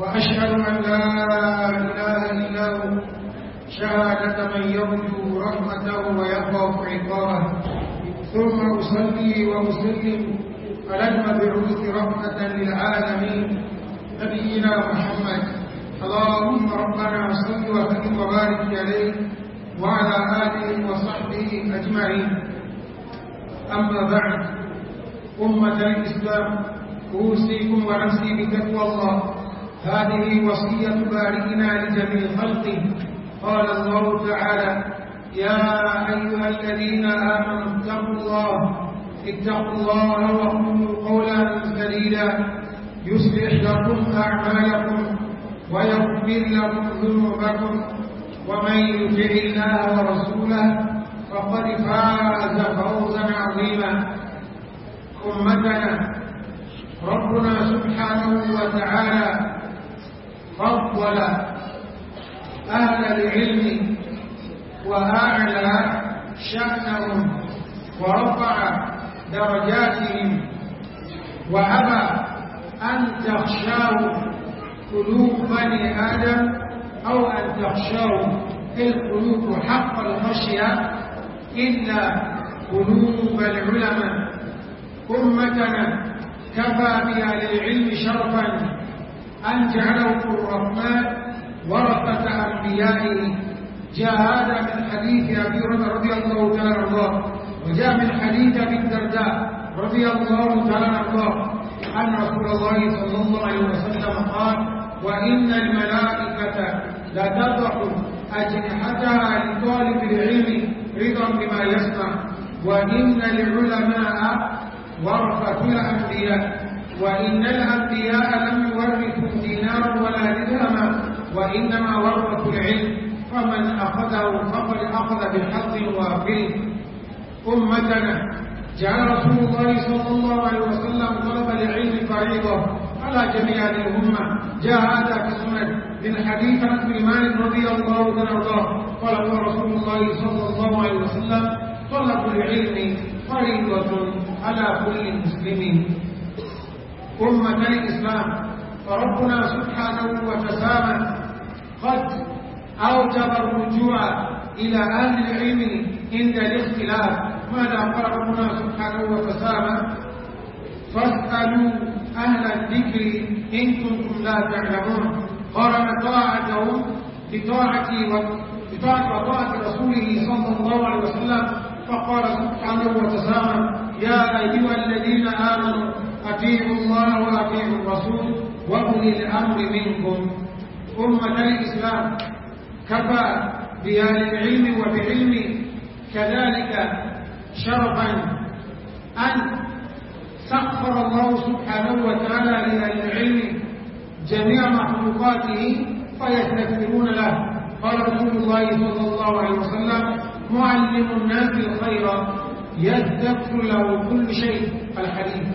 وأشهد أن لا إله إلا هو شهادة من يرجو رحمته ويخاف عقابه ثم أصلي وأسلم على المبعوث رحمة للعالمين نبينا محمد اللهم ربنا صل وسلم وبارك عليه وعلى آله وصحبه أجمعين أما بعد أمة الإسلام أوصيكم ونفسي بتقوى الله هذه وصية بارئنا لجميع خلقه قال الله تعالى يا أيها الذين آمنوا اتقوا الله اتقوا الله وقولوا قولا سديدا يصلح لكم أعمالكم ويغفر لكم ذنوبكم ومن يطع الله ورسوله فقد فاز فوزا عظيما أمتنا ربنا سبحانه وتعالى فضل أهل العلم وأعلى شأنهم ورفع درجاتهم وأبى أن تخشاه قلوب بني آدم أو أن تخشاه القلوب حق الخشية إلا قلوب العلماء أمتنا كفى بأهل العلم شرفا أن جعلهم الرحمن ورقة أنبيائه جاء هذا من حديث أبي هريرة رضي الله تعالى عنه وجاء من حديث أبي الدرداء رضي الله تعالى عنه أن رسول الله صلى الله عليه وسلم قال وإن الملائكة لتضع أجنحتها لطالب العلم رضا بما يصنع وإن العلماء ورث فيها أنبياء وإن الأنبياء لم يورثوا دينارا ولا درهما وإنما ورثوا العلم فمن أخذه فقد أخذ بحظ وافر أمتنا جاء رسول الله صلى الله عليه وسلم طلب العلم فريضة على جميع الأمة جاء هذا في من حديث أنس مالك رضي الله عنه وارضاه قال رسول الله صلى الله عليه وسلم طلب العلم فريضة على كل مسلم أمة الإسلام فربنا سبحانه وتسامى قد أوجب الرجوع إلى أهل العلم عند الاختلاف ماذا قال ربنا سبحانه وتسامى فاسألوا أهل الذكر إن كنتم لا تعلمون قرن طاعتهم بطاعة بطاعة وطاعة رسوله صلى الله عليه وسلم فقال سبحانه وتسامى يا أيها الذين آمنوا أطيعوا الله وأطيعوا الرسول وأولي الأمر منكم أمة الإسلام كفى بأهل العلم وبعلم كذلك شرفا أن سخر الله سبحانه وتعالى لأهل العلم جميع مخلوقاته فيستكثرون له قال رسول الله صلى الله عليه وسلم معلم الناس الخير يذكر له كل شيء الحديث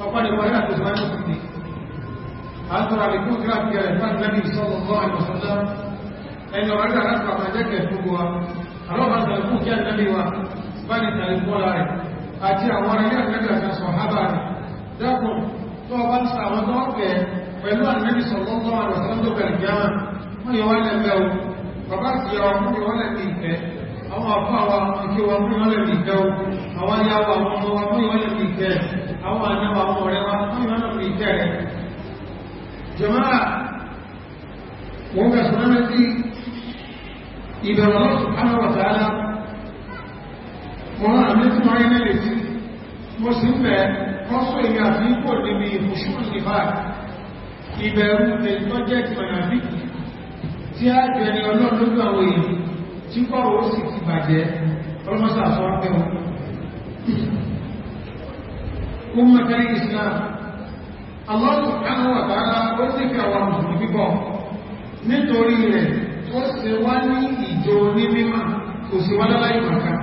فقال ورأت زمان مني أثر على كل كلام كلام النبي صلى الله عليه وسلم أنه رجع رفع ما جاك يتبوها أروح أن تلقوه كان النبي وفاني تلقوه لاري أتي أولا النبي عشان صحابة داكم طبعا سعودوا pẹ̀lú ànẹ́bì sọ̀tọ́tọ́ àrẹ̀sọ́ndọ̀ pẹ̀lú jáwọn wọ́n yọ wọ́n lẹ́gbẹ̀ẹ́ o bàbá àti ìyàwó fún àwọn àfáà wa ìké wa fún ìwọ́n lè fi ìkẹ́ o àwọn ayá wa àwọn ọmọ wa fún ìwọ́n lè fi ìkẹ́ àwọn àná wa àwọn ọ̀rẹ́ wa fún ìwọ́n lè fi ìkẹ́ rẹ̀ jọmọ́ra wọ́n gbà sọ́nà sí ìbẹ̀rù ọlọ́sùn kánà wà sáálá wọ́n àmì tí wọ́n rí mẹ́lẹ̀ sí mo sì ń bẹ̀ kọ́sọ̀ ìyá àti ipò níbi ìbùsùn ìbá ìbẹ̀rù tẹ̀síwọ́jẹ́ ìmọ̀nàbí tí á jẹ́ ni ọlọ́run lójú àwọn èèyàn tí kọ́rọ̀ ó sì ti bàjẹ́ ọlọ́mọ́sà sọ pé wọn kó mọ́tẹ́rí Islam Allah subhanahu wa ta'ala ó sì fi àwọn mùsùlùmí pípọ̀ nítorí rẹ̀ ó sì wá ní ìjọ ní mímọ̀ kò sí wá lọ́lá ìmọ̀ká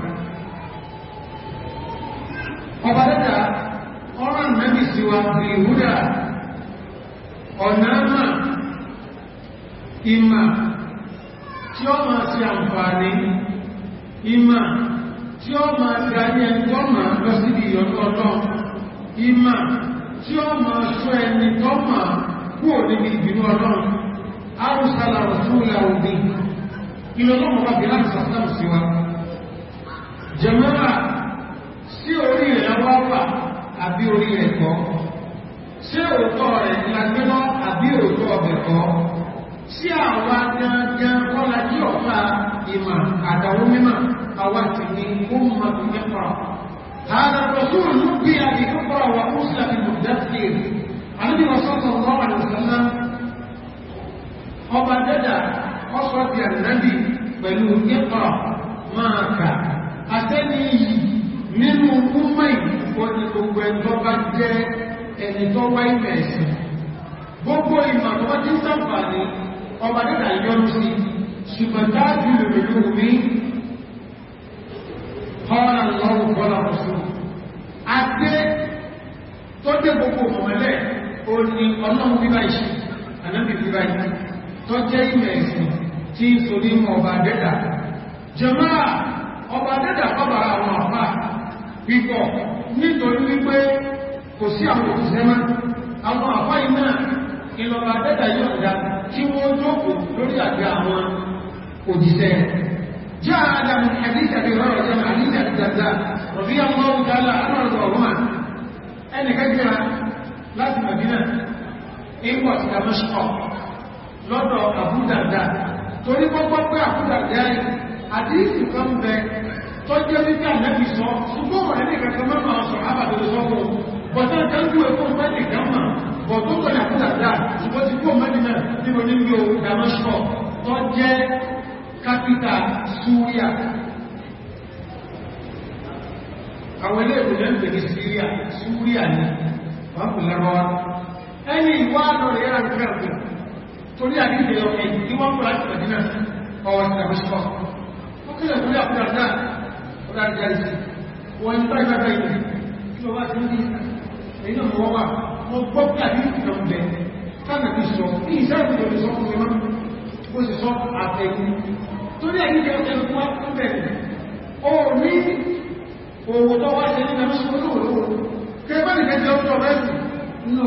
ọba tí ó máa ṣe àǹfààní ìmà tí ó máa darí ẹntọ́mà lọ síbi ìyọ́tọ́ọ̀tọ́ ìmà tí ó máa ṣọ́ ẹni tọ́mà kúrò níbi ìbínú ọlọ́run arúsàlà òṣùlà òbí ìlọ́lọ́mọ̀ bá bí láti sàtàmù sí wa jẹmọ́ra sí orí rẹ̀ wáwà àbí orí rẹ̀ kọ́ sí òótọ́ rẹ̀ ìlàgbẹ́lọ́ àbí òótọ́ ọ̀bẹ̀kọ́ tí àwa gangan kọ́lá ní ọ̀pá ìmọ̀ àdàwó mímọ̀ àwa ti ní ọmọ ìmẹ́fà هذا الرسول نبي بكفر وأرسل بالمدثر النبي صلى الله عليه وسلم ọba dẹ́dà ọ́sọ́tí ànábì pẹ̀lú ìkọ̀ máa kà àtẹ́ni yìí nínú ọmọ ìfọ́ni gbogbo ẹjọ́ bá ìmọ̀ tó wá tí ń sàǹfààní ọba dẹ́dà yọ́nú sí ṣùgbọ́n dájú ìrìnlú mi kọ́nà lọ́wọ́ bọ́lá ọ̀sùn àti tó dé gbogbo mọ̀mọ́lẹ̀ ó ní ọlọ́run bíbá ìṣẹ́ ànábì bíbá ìṣẹ́ tó jẹ́ ìmẹ̀ ẹ̀sìn tí ń so nínú ọba dẹ́dà jàmáà ọba dẹ́dà kọ́bàrà àwọn àpá pípọ̀ nítorí wípé kò sí àwọn òṣìṣẹ́ mọ́ àwọn àpá iná ìlọ́ba dẹ́dà yóò dá tí wọ́n jókòó lórí àjẹ́ àwọn òjíṣẹ́ jẹ́ àdàmù àdíjàbí rọrọ̀ jẹ́ àdíjàbí dàdà rọ̀bí àwọn ọ̀dọ́lá àrọ̀rọ̀ ọ̀rọ̀mà ẹnìkẹ́gbẹ̀rẹ̀ láti Màdínà ìwọ̀ àti Damascus lọ́dọ̀ àbúdàdà torí gbọ́gbọ́ pé àbúdàdà àdíjì kan ọ̀tọ́tọ̀ ní àkúdàdà ṣùgbọ́n ti kó mẹ́rinà nínú nílò damascus tó jẹ́ kápítà Syria àwọn ilé ìrìnlẹ̀ ń pèdè Syria Syria ní wọ́n kò lọ́rọ̀ ẹni ìwá lọ́rọ̀ yára ń kẹ́rù kẹ́rù torí àdíjẹ́ ọkẹ̀ tí wọ́n kò láti pẹ̀dínà ọwọ́ sí damascus ó kílẹ̀ kúrẹ́ àkúdàdà ó dájá ìsìn wọ́n ń tọ́ ìgbàgbà ìgbà kí lọ wá sí ní ìsìn èyí náà wọ́n wà o gbọ́ pé àdíjì náà bẹ̀ tánà ti sọ ní ìṣẹ́lẹ̀ tó lè sọ fún mi máa ó sì tu àtẹ̀yìn torí ẹ̀yìn jẹ́ ọ̀tẹ̀ fún àkúnbẹ̀rẹ̀ ó ní owó tó wá ṣe nínú ẹ̀mí ṣùgbọ́n olówó kẹ́ bá nìkan jẹ́ ọjọ́ rẹ̀ nínú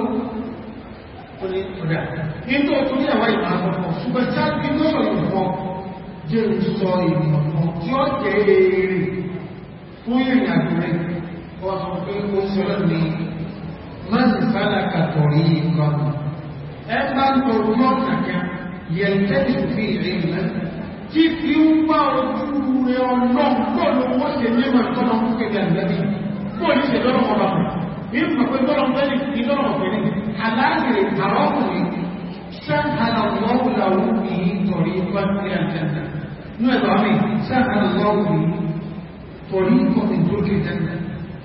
ó ní ọ̀dà nínú tó ní ẹ̀wà ìmọ̀ àkọ́kọ́ ṣùgbọ́n tí a ti lọ́sọ̀ ìmọ̀ jẹ́ ìsọ ìmọ̀ tí ó jẹ́ èrè fún ìrìn àjò rẹ̀ wọ́n sọ pé ó ṣẹlẹ̀ من سلك طريقا أما طريقك يلتفت فيه علما tí fi ń bá ojú rẹ̀ ọlọ́run pọ̀lú owó ṣe ní ẹmà tọ́nà fún kẹta ìlẹ́bí fún òní ṣe lọ́rọ̀ ọba ní ìpàpẹ́ tọ́lọ̀n bẹ́ẹ̀ ní lọ́rọ̀ ọ̀fẹ́ni aláàrẹ̀ àrọ́kùnrin sáàlà lọ́wọ́láwó ní torí pàtàkì àjẹ́ta ní ẹ̀bà mi sáàlà lọ́wọ́ ní torí pàtàkì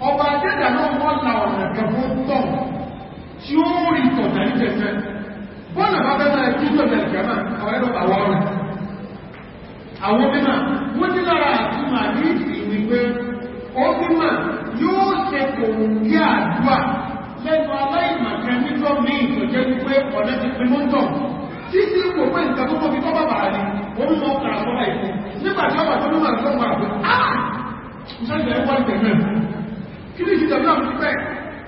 ọba adẹ́dà náà wọ́n la ọ̀nà kẹfọ́ tọ̀ tí ó rí tọ̀nà ní tẹ̀fẹ́ bọ́nà bá bẹ́ máa kí tọ̀nà ìgbàmà ọ̀rẹ́ lọ àwọn ọ̀rẹ́ àwọn mímà wọ́n ní lára àtúmà ní ìsinmi pé ó mímà yóò ṣe kò kí àdúà lẹ́nu aláìmọ̀kẹ́ níjọ́ míì tó jẹ́ wípé ọ̀nà ti pinnu tọ̀ títí kò pé nǹkan tó tóbi tó bàbà rí òun mọ kàrà fọ́lá ìfún nígbà tí ó wà tó ló wà tó ah! wà tó kí ní ìjọba náà ti bẹ́ẹ̀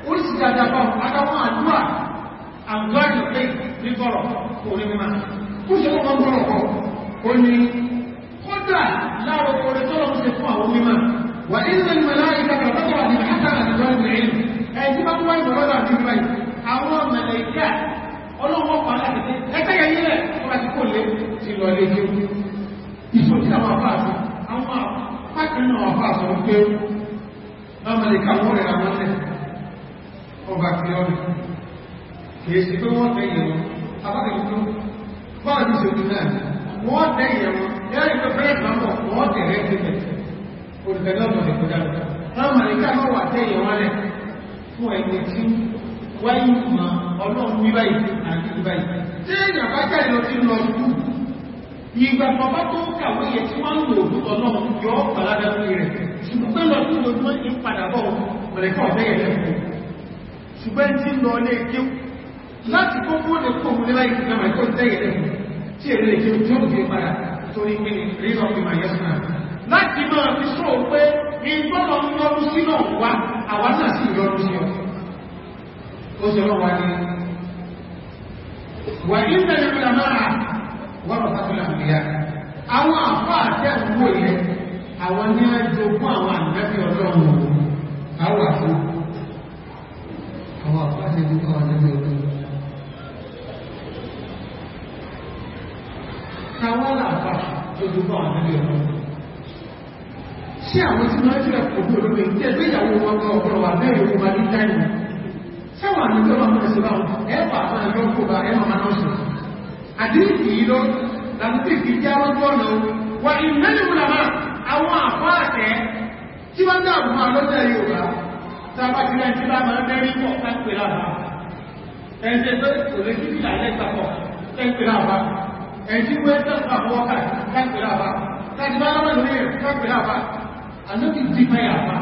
oríṣi dáadáa bá àtàwọn àdúrà àgbà ìjọba ní bọ̀rọ̀ orí mímá kú ṣe wọ́n bọ̀rọ̀ kọ̀ ó ní kódà láàrọ̀ orí tọ́lọ̀ ṣe fún àwọn mímá wà nínú ìmọ̀lá ìkàkà lọ́wọ́ àti àtà àdúrà ìrìn ẹ̀yìn bá wá ìmọ̀lọ́ àti ìgbà àwọn mẹ̀lẹ̀kà ọlọ́wọ́ pa láti ẹgbẹ́ yẹn nílẹ̀ wọ́n bá ti kò lé ti àwọn àfáàsì àwọn apákan láwọn lè kàwọ́ rẹ̀ àwọn lẹ̀ ọba fi ọ̀rẹ̀ kìí sí pé wọ́n tẹ́yẹ̀ wọn alábẹ̀kúrú báà ní ṣe òun náà wọ́n tẹ́yẹ̀ wọn yẹ́rì pé bẹ́ẹ̀ kan bọ̀ wọ́n tẹ̀rẹ́ tẹ́lẹ̀ olùgbẹ̀lọ́mọ̀ lè kọjá láwọn lè kàwọ́ wà tẹ́yẹ̀ wọn lẹ̀ fún ẹni tí wáyé ìmọ̀ ọlọ́run ní báyìí àti ìbáyìí tí èèyàn bá jáde lọ sí lọ sùn ìgbà kan bá tó kàwé yẹ tí wọ́n ń lò ó lọ́nà yọ ọ́ pàládà lórí rẹ̀ ṣùgbọ́n lọ sí lójúmọ́ ní padàbọ̀ mẹ̀rẹ̀kọ́ ọ̀fẹ́ yẹ̀ ṣùgbọ́n tí lọ lé kí láti kó kó lè kó múlé láì fún ẹmà ìkọ́ tẹ́yẹ̀ tí èrè lè kí o tí ó fi padà torí pé rírọ̀ fi máa yẹ́sùn náà láti máa fi sọ pé ìgbọ́nà yọrù sí náà wá àwa náà sì yọrù sí ọ ó sì rọ̀ wá ní wà ní ìtẹ̀lẹ̀ ìlànà àwọn àwọn ní àjogún àwọn ànábì ọlọ́run àwà fún àwọn àpáṣẹ nípa ànábì ọlọ́run káwọn làpá ojúbọ ànábì ọlọ́run sí àwọn tí wọ́n jẹ́ òbí olómi tẹ́ bí ìyàwó wọn kọ́ ọ̀pọ̀lọ̀ wà bẹ́ẹ̀ yóò wà ní táìmù sáwọn àmì tó máa mọ̀ sí báwọn ẹ̀fà fún ẹ̀yọ́ kó bá ẹ̀mà máa náà sọ àdéhìí lọ làbúté kìí jẹ́ àwọn tó ọ̀nà wa ìmẹ́lẹ̀ wọn làmáà àwọn àfáàtẹ́ tí wọ́n dá àwọn alọ́dẹ̀ Yorùbá tàbátìlẹ̀ tí bá máa mẹ́rin pọ̀ kápẹ́ lábá ẹ̀ṣẹ́ tó kò lè sí ìlàlẹ́ papọ̀ kápẹ́ lábá ẹ̀ṣí wọ́n tẹ́ àfọwọ́kà kápẹ́ lábá láti bá lọ́wọ́ lórí kápẹ́ lábá àlókì ti pẹ́ yàbá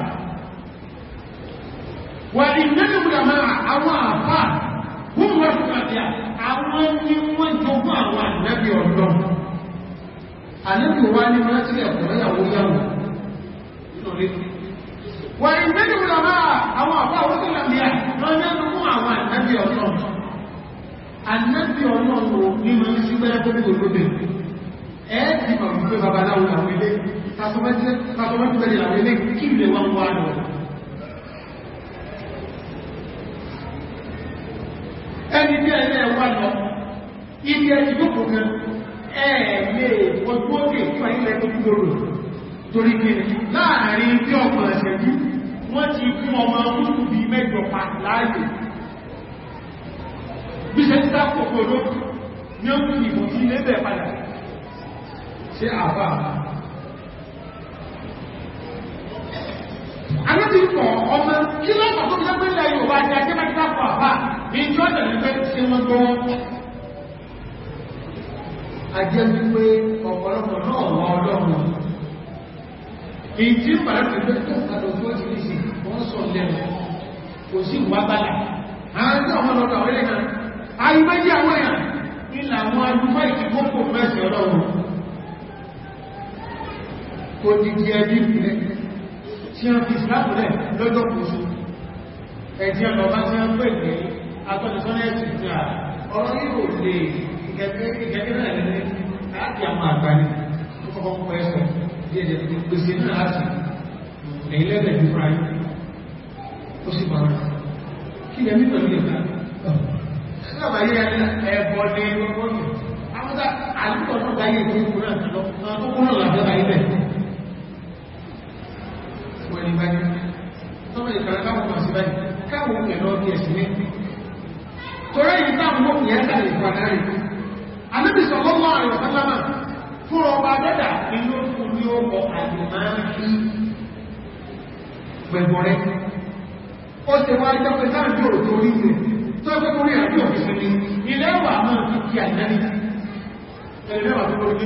wà ìnáwó ìgbàmọ́ àwọn àfáà wọ́n àníbì wá ní wọ́n tí ẹ̀kùn mẹ́yàwó yàwó nítorí wà ní mẹ́rin wùlọ máa àwọn àbá òkú làmìyà wọ́n mẹ́rin mú àwọn ànábì ọ̀nà ànábì ọ̀nà ní mọ́ sí gbẹ́rẹ́ tó bí olóbe ẹ́ ti mọ̀ wípé babaláwo làwọn ilé tasọmọ́tìbẹ̀rẹ̀ làwọn ilé kí ilé wọn wá lọ ẹni bí ẹni ẹ̀ wá lọ ibi ẹ̀ ti jókòó kan ẹ̀ẹ̀lẹ́ ojú òkè fún ilẹ̀ ojúgbòrò torí pé láàrin bí ọ̀pọ̀ ẹ̀sẹ̀jú wọ́n ti fún ọmọ ọdún bí mẹ́jọ pa láàyè bí ṣe ń dákòkòrò ní ọdún ìbò sí lébẹ̀ padà ṣe àbá alóbìnkọ̀ ọmọ kí lọ́pàá tó fi lọ́pẹ́ ilẹ̀ Yorùbá ni ajẹ́mẹ́ta pọ̀ àbá ní ìjọ́ ìrìnlẹ́ tí wọ́n gbọ́ a jẹ́ wípé ọ̀pọ̀lọpọ̀ náà wọ́n ọlọ́run èyí tí pàdánù ẹgbẹ́ tó kàdọ̀ tó ti rí sí wọ́n sọ lẹ́nu kò sí ìwà bàlá àwọn tí ọmọ lọ́dọ̀ àwọn ẹlẹ́gbẹ̀ẹ́ àìmẹ́jì àwọn èèyàn ilà àwọn alúmọ́ ìtìkókò mẹ́sì ọlọ́run kò dìdì ẹbí ìpìlẹ̀ tí wọ́n fi ìsìlápùlẹ̀ lọ́jọ́ kòsù ẹ̀dí ọlọ́bá tí wọ́n pè ní atọ́lẹ̀sọ́lẹ̀ ìgẹ́gẹ́ náà ní láti àwọn àgbáyé tó kọ́kọ́ pọ̀ ẹ̀sọ̀ bí ẹ̀jẹ̀ tó pèsè náà láti ẹ̀yìn lẹ́gbẹ̀ẹ́ ní fúráyé ó sì bá wọn kí ni ẹ̀mí pẹ̀lú ìgbà ẹ̀sọ̀bà yẹ ẹ̀bọ̀ ní ọgbọ́n àwọn àlùkò náà bá yẹ kí ó kúrò àtàlọ́ àwọn kúrò làbẹ́ bá yẹ bẹ́ẹ̀ wọ́n ní báyìí tọ́mọ ìkàrà káwọn máa sí báyìí káwọn ìlọ́ bí ẹ̀sìn ní torí ìtàwọn mọ́kùnrin ẹ̀sà lè pàdánù anábìsọ̀ lọ́wọ́ àrùn sálámà fún ọba dẹ́dà inú fún ní ọkọ̀ àjùmáàkí pẹ̀bọ̀rẹ́ ó ti wá jẹ́ pẹ̀lú àjò òtórí rẹ̀ tó ẹgbẹ́ orí àjò òfìsìnì ilẹ̀ wà máa fi kí àjẹ́rí ẹ̀lẹ́wà tó lórí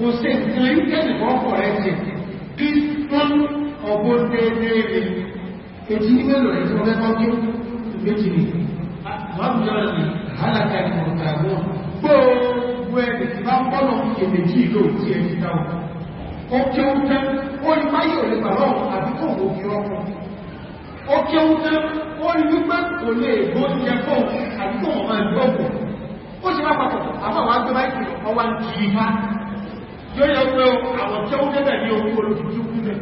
kò sí nǹkan ìkẹ́lì kan pọ̀ rẹ̀ sí bí wọ́n ọgbọ́n déédéé rẹ̀ ètí ìmẹ́lò rẹ̀ tí wọ́n fẹ́ kọ́kí méjì ni wàbùjọ́rọ̀ ni hálàkà ìmọ̀tàgbọ́n gbogbo ẹni tí bá pọ́nà èméjì ìlò tí ẹ ti dáwọ̀ ó kí ó tẹ́ ó ní máyé ò lè pàrọ̀ àbí kò wò ní ọkọ̀ ó kí ó tẹ́ ó ní wípé kò lè bó ti ẹ kọ́ àbí kò wọ́n máa ń gbọ́kọ̀ ó sì má papọ̀ àbáwá gbé báyìí ọwá ń kiri máa yóò yẹ pé àwọn tí ó débẹ̀ ní orí olùdíjú kú bẹ̀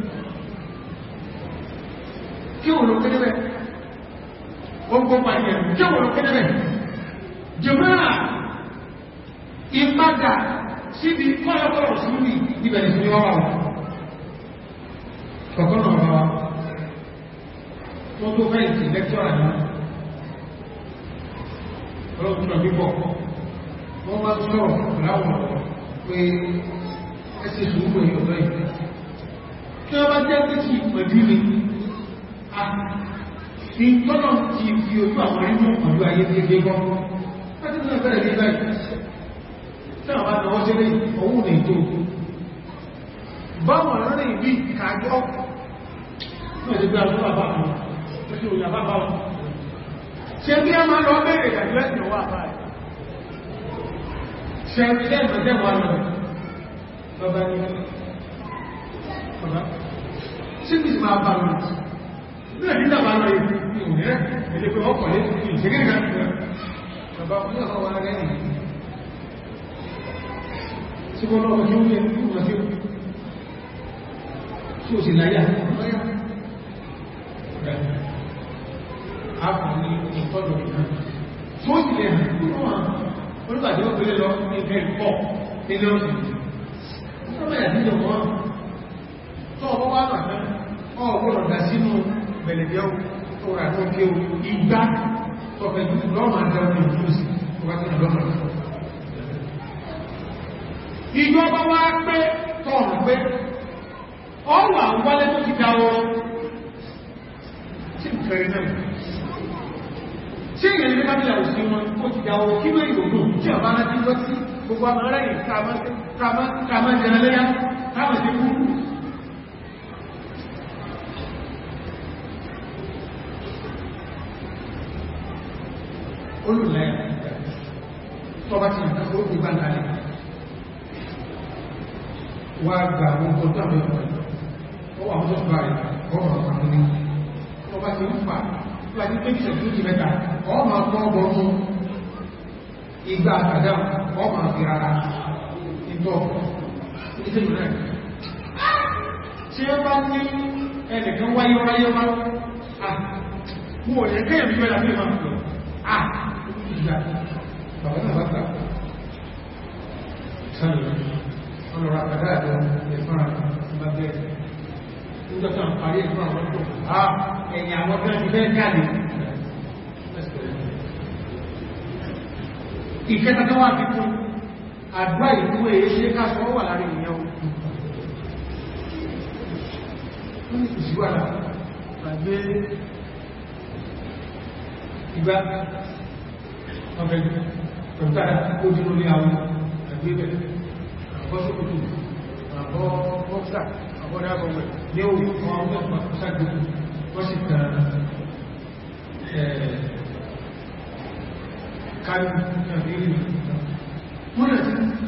kí wọ́n ló kéde bẹ̀ pàdé kí wọ́n ló kéde bẹ̀ jẹ́mọ́ra síbi kọ́lọ́kọ́lọ́ sí ní ìbẹ̀rẹ̀ sí wọ́n wà kọ̀kọ́nà ọ̀rọ̀ láwọn ọ̀rọ̀ pé ẹsẹ̀ ìṣòro pẹ̀lú yìí tí wọ́n bá jẹ́ pé kí ìpẹ̀jú ní tọ́nà ti fi ojú àwọn ẹni pẹ̀lú ayé tí ẹgbẹ́ gbọ́ láti tún ẹgbẹ́ rẹ̀ báyìí tí àwọn àna ọjọ́ lé ọwọ́ ní ètò lọ́bá ní ọ̀nà ṣe kìí máa bá lọ náà nígbà bá lọ ìrìn rẹ̀ ẹ̀lẹ́gbẹ̀ ọkọ̀ lé ìṣẹ́gẹ́ ìrìnàjò ọba ọjọ́ ọwọ́ rẹ̀ ní ṣe wọ́n lọ́wọ́ tí ó yẹ kí wọ́n tí ó tí ó sì láyà lọ́yà àpùnrin ìtọ́jọ̀ ìrìnà àdínlò wọn tó ọmọ wá màtá ọgbọ́nà dá sínú bẹ̀lẹ̀bẹ̀ tó rà tó kí o igbá tọ́fẹ̀ lọ́mà dá omi ìjúsì tó wá tọ́nà lọ́mà ìjọba wá pé tọ́ọ̀nù pé ọwà wálé tó ti dáwọ́ tí ìfẹ̀rẹ̀ òsìn wọn ó ti dáwọ́ kí ló ìrònú tí ọ̀bá láti lọ sí gbogbo àmọ́ rẹ̀ kàmọ́ jẹrẹ lẹ́yà káwọn sí kú olùlẹ́yà tọ́bá ti yàn kó ìgbà náà wà gbà wọn tó tàbí ọ̀pọ̀ ọwọ́ àwọn tó bá rẹ̀ ọ̀rọ̀ àwọn ní ọba ti ń fà láti pẹ́kìsẹ̀ tó ti mẹ́ta ọmọ ọgbọ́n ọgbọ́n ìgbà àtàdá ọmọ àfihàn ìgbọ́ ìdílù rẹ̀ tí ó bá ní ẹnìkan wáyé wáyé wá mú ọ̀rẹ́ kẹ́yẹ̀ bí mẹ́ra mẹ́ra mọ́ ah ìgbà bàbá náà bá gbà sọ́nà ọlọ́rọ̀ àkàdá àjọ ẹ̀fọ́n bá bẹ́ẹ̀ nígbà tó ń parí ẹ̀fọ́n àwọn tó ah ẹ̀yìn àwọn tó ń bẹ́ẹ̀ jáde ìkẹta tó wà fi kún àdúrà ìlú èyí ṣe káàkọ́ wà láàrin ìyẹn o ní ìṣíwàdà àgbé ìgbà ọ̀fẹ́ pẹ̀lútàdà ó dínú ní àwọn àgbé bẹ̀rẹ̀ àbọ́sọ́kùtù àbọ́ ọ́pṣà àbọ́dá àbọ̀wẹ̀ ní òun àwọn ọmọ ìpàkọ́sàgbé wọ́n sì kà káàkiri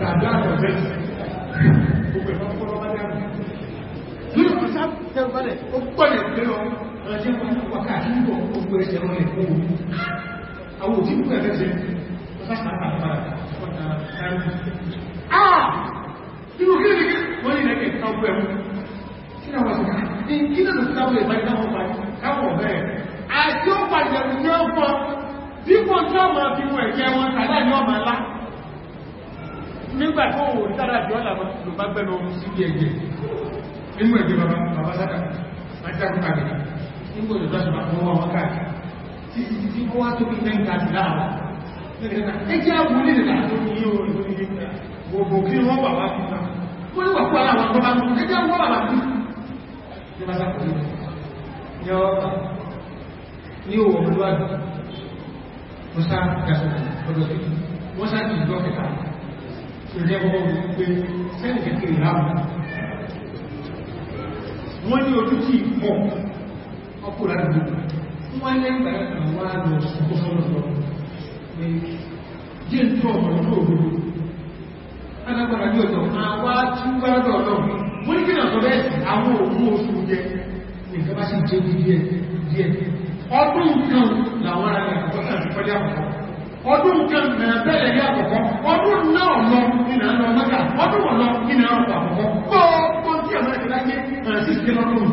gàdá àtọ̀gbẹ́ gbogbo ẹ̀fọ́ fọ́lọ́ bá dáa ní ọ̀rọ̀ sáà tẹ́rù balẹ̀ ó gbọ́dẹ̀ pé ọ ọjọ́ wọn wákà nígbò gbogbo ẹ̀jẹ̀ wọn lè kó o àwọn òjì gbogbo ẹ̀fẹ́ ṣe Àjọ́ pàjẹ̀ ìjọ́ ọ̀pọ̀ dípò tí ọmọ fi wọ ẹ̀jẹ̀ wọn tàbí ọmọ ńlá nígbà tó wò ní tàbí àjọ ọ̀là wọn ló bá gbẹ́nu ohun sí bí ẹgbẹ́ inú ẹgbẹ́ bàbá bàbá sáka ajágun kàgbẹ̀ká nígbà tó dáṣọ bàbá wọn wọn káàkiri títí títí ó wá tó bí mẹ́ta ti láàrọ̀ ẹjẹ́ àwúlé rẹ̀ láti ní yóò rí orí gbogbo kí wọ́n wà wá fífà ó ní wà fún àwọn àwọn ọmọ ẹjẹ́ wọ́n wà wá fífà ní bá sákòrò ní ọ̀pá ní òwò olúwàdí wọ́n sá gàṣọ́ ọdọ̀ sí wọ́n sá kìí gbọ́ kẹta ìrẹ́wọ́ wípé sẹ́ǹkẹ̀kẹ̀ ìlàmù wọ́n ní ojú tí pọ̀ ọkùnrin àdúgbò wọ́n ní ẹgbà àwọn àdọ̀ ọ̀sọ̀lọ̀sọ̀ jẹ́ tó ọmọ tó òru alágbàrá ní ọjọ́ àwá tí ó gbárádọ̀ ọ̀dọ̀ wọ́n ní kí náà sọ bẹ́ẹ̀ àwọn òun oṣù jẹ nìkan bá sì jẹ́ díẹ̀ díẹ̀ ọdún kan làwọn ará rẹ̀ àkọ́kọ́ àti pẹ́lẹ́ àkọ́kọ́ ọdún kan nà bẹ́lẹ̀ ní àkọ́kọ́ ọdún náà lọ ìnà lọ mẹ́ta ọdún wọ̀ lọ ìnà ọ̀pọ̀ àkọ́kọ́ gbọ́ọ̀pọ̀ tí àwọn ẹ̀kẹ́lá jẹ́ àṣìṣẹ́ lọ́dún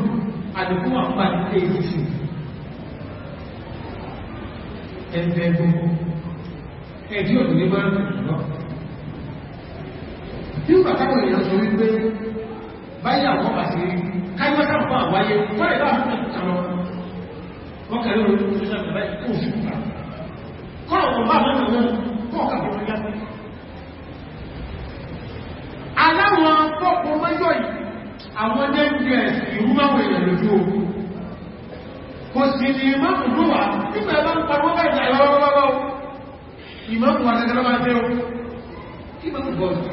àdìkú àpàdé èyí sí ẹgbẹ́ gbogbo ẹ̀dí ọ̀dún ní máa ń lọ tí pàtàkì èèyàn sọ wípé báyìí àwọn ọba sí rí káyíwátà fún àwáyé wọ́n rẹ̀ bá àwọn ọkẹ̀lẹ́ kọ́rọ̀ wọn bá mẹ́rin wọn kọ́ kàbí wọn yá sí aláwọn fọ́pọ̀ mẹ́jọ yìí àwọn jẹ́ ìrúmáwò èèyàn lójú ogun kò sí ní ìmọ́mù ló wà nígbà bá ń parọ́ bẹ́ẹ̀ jà lọ́wọ́wọ́wọ́ ìmọ́mù wà tẹ́tẹ́lọ́ máa jẹ́ o kí mọ́mù bọ́ọ̀lù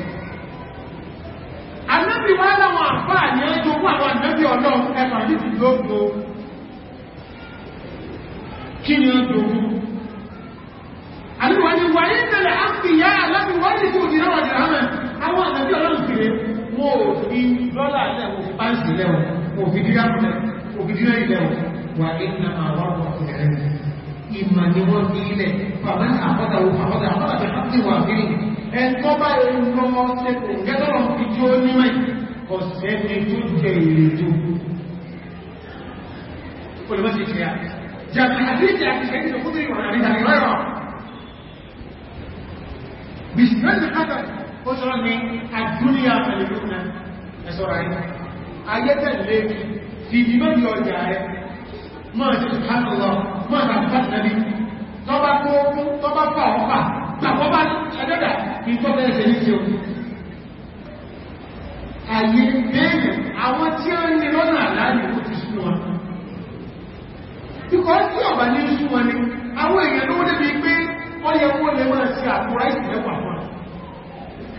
anábì wá láwọn àfáà ní ẹjọ́ fún àwọn ànábì ọ̀dọ́ ẹ̀fà ní ìlú ogun kí ni ó dogun àdúgbò wọn ni wà ní ìtẹ̀lẹ̀ àfìyà láti wọ́n ní kò dínà wà dìrà mẹ́ àwọn àtàbí ọlọ́run kiri wọn ò fi dọ́là lẹ̀ wọ́n fi páìsì lẹ̀ wọ́n fi dínà lẹ̀ wọ́n fi dínà ilẹ̀ wọ́n wà ní nàmà wà wọ́n fi rẹ̀ ìmà ni wọ́n fi ilẹ̀ pàmẹ́ àpọ́tà wọ́n pàmọ́tà àpọ́tà fi hàn sí wà kiri ẹ̀kọ́ bá ẹ̀rọ ṣẹkùn gẹ́tọ́rọ̀ منحدر ó sọ́rọ̀ ní àdúríà pẹ̀lúkúnnà ẹ̀sọ́rọ̀ rẹ̀ ayẹ́tẹ̀lẹ́ fìdí mẹ́rin ọjà rẹ̀ máa ṣe ṣàtọ̀lọ́ máa ṣàtọ̀lẹ́bí tọ́bá kó tọ́bá pà ọ́pà tàbọ́bá ẹ̀dọ́dà ní tọ́bẹ̀ ẹ̀ṣẹ̀ àwọn tí ó ní lọ́nà àlàáyé ó ti sún wọn tí ọ̀bà ní sún wọn ni àwọn èèyàn ló wọ́n pé lè máa ṣe àkúrá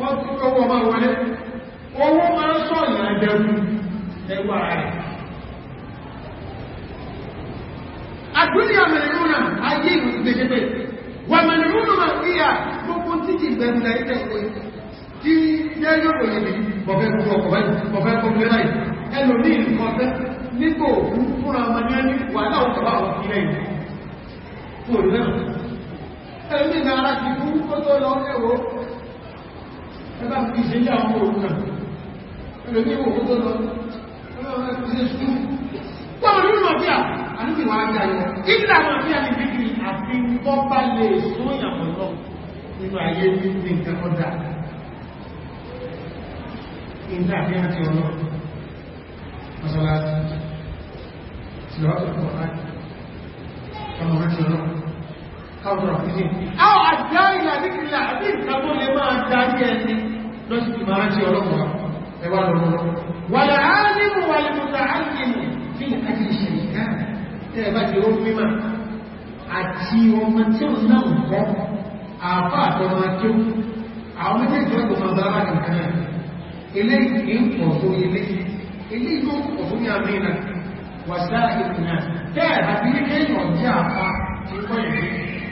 wọ́n fún owó ọmọ wọlé owó máa sọ ìrìnàjẹ̀rù ẹwà rẹ̀ àdúnyà mẹ́rìnúnà ayé ìlú gbẹ̀gbẹ̀ wà mẹ́rìnúnà máa fi à gbogbo títì gbẹ̀gbẹ̀ ilẹ̀ ìwé tí yẹ́yọ́ òyìnbí bọ̀fẹ́ gbogbo ọ̀fẹ́ gbogbo láì ẹlò ní ìlú kọfẹ́ nígbò òkú fúnra ọmọ ní ẹni wà náà kọ̀bá òkú ilẹ̀ ìlú fún òun náà ẹni náà ara ti kú ó tó lọ ẹwọ́ ẹgbà fi ṣe yá àwọn òun náà ẹgbẹ̀ ní òun tó lọ Wọ́n rí mọ̀ bí à, àníbì wọ́n ajá yẹn. Ìgbà mọ̀ ní bíbí àti tó lè sóyàn mọ̀ nínú ayé káwọn àfihàn àwọn àjárí àdíkìlá àbí ìkàtọ́ lè máa darí ẹni lọ́sí ìmọ̀ràn tí ọlọ́pàá ẹwà lọ́wọ́ wà láàárín wà lẹ́mọ̀ta ágbìmù tí àti ìṣẹ̀lẹ̀ká tẹ́ẹ̀bá jẹ́ ó mímọ̀ àti ọmọ tí ó náà kọ́ àpá àtọmọ tí ó àwọn méjèèjì ọkọ̀ máa bá wà nìkan náà ilé ìpọ̀ tó ilé ilé ìlú ọ̀pọ̀ tó ìpìnà tẹ́ẹ̀ àbí kéèyàn jẹ́ àpá tí ó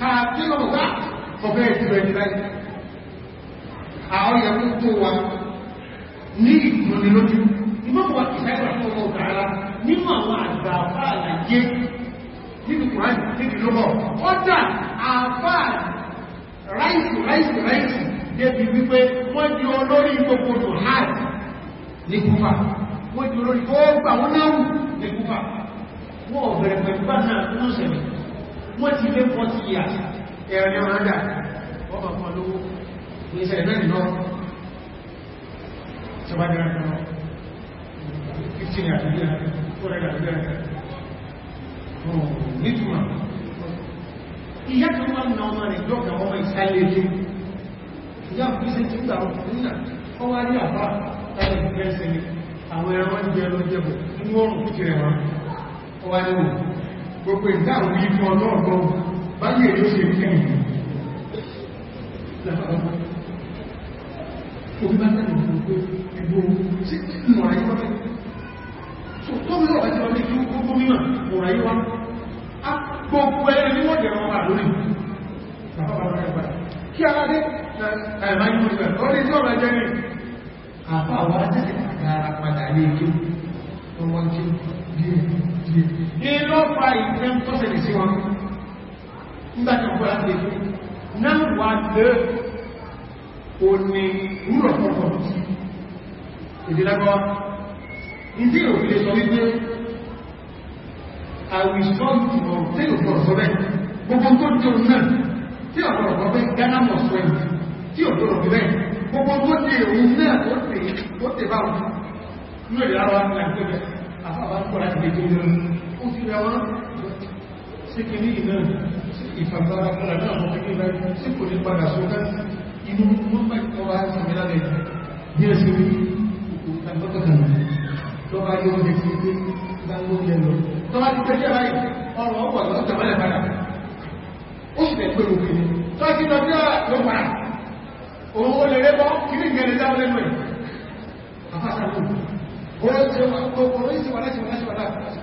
tààtí lọ́wọ́ wá ọ̀fẹ́ ìtìrẹ̀ ìrẹ́ àwọn yang tó wa ni ìgbòmí ni, ìgbòmí wa ìṣẹ́gbà tó wọ́n ni mahu àwọn àgbà àfáà àlàyé nínú kùránì níbi lọ́wọ́ ọ́dà àfáà rice, rice. ráìsì débi wípé wọ́n di olórí gbogbo jùhán ní kúfà wọ́n di olórí gbogbo àwọn náà berapa kúfà wọ́n wọ́n ti lé 40 years ẹ̀rọ ní ọ̀rọ̀ dà ọmọ kan lówó ní ìṣẹ̀lẹ̀ mẹ́rin náà ṣọ̀bájúra náà 15 years ní ìrìnàjò ó rẹ̀ dàbí rẹ̀ nítumà ìyá tó wọ́n na ọmọ rẹ̀ lọ́gbà ọmọ ìsàlẹ̀ èdè ìyá òkú sí ti gbà ọkùnrin náà ọwọ́ adé àbá wọn ọwọ́ adé wọn gbogbo ìdáàrù yìí fún ọlọ́ọ̀gbọ́n báyé ló ṣe kẹ́yìn Gbogbo ẹni ni wọ́n jẹ̀rọ wà lórí. Bàbá bàbá rẹ̀ gbà. Kí a rádé, ẹ̀mà ìlú ìgbà, ọdí tí ọ̀rọ̀ jẹ́ ní. Àbá àwọn ajẹ́ ìgbà ara padà ní ìlú. Wọ́n wọ́n jẹ́ ní lọ́pàá ìfẹ́ tó sẹ̀lẹ̀ sí wọn nígbàtí ọkọ̀ láti lè fún náà wà lẹ́ òní rúrọ̀ pọ̀pọ̀ sí ìdílágbọ́ ìdí òfilé sọ wípé àwìsọ́n ti mọ̀ tí ò pọ̀ sọ bẹ́ gbogbo tó dé òun náà tí ọ̀pọ̀lọpọ̀ bẹ́ ghana mọ̀ sọ ẹ̀ tí ọ̀pọ̀lọpọ̀ bẹ́ gbogbo tó dé òun náà tó tè báwọn ní èdè ara wọn ni àgbẹ̀bẹ̀ àfàbà ń pọ̀ láti lè tó lọ́nà kíra wọn sí kí ní ìná ìfàgbára padà náà mọ́ pẹ́kí bá sí kò ní padà sókà inú mọ́ mẹ́kọ̀ọ́wà ìmìlálẹ̀ bí ẹ̀sẹ̀ rí ìgbàgbọ́kànlá lọ́wọ́ ayé oúnjẹ tí ó gbé gbáńgbó jẹ lọ tọ́wọ́ ti tẹ́jẹ́ ráyì ọrọ̀ ọ̀pọ̀ lọ́tàmọ́lẹ̀ padà ó sì tẹ̀ pé òkèrè tọ́jú lọ́jọ́ lọ́pàá òun ó lè rẹ́bọ́ kí ní ìgbẹ̀rẹ̀ dáwọn lẹ́nu ẹ̀ àfáṣà lóòrùn ó rẹ́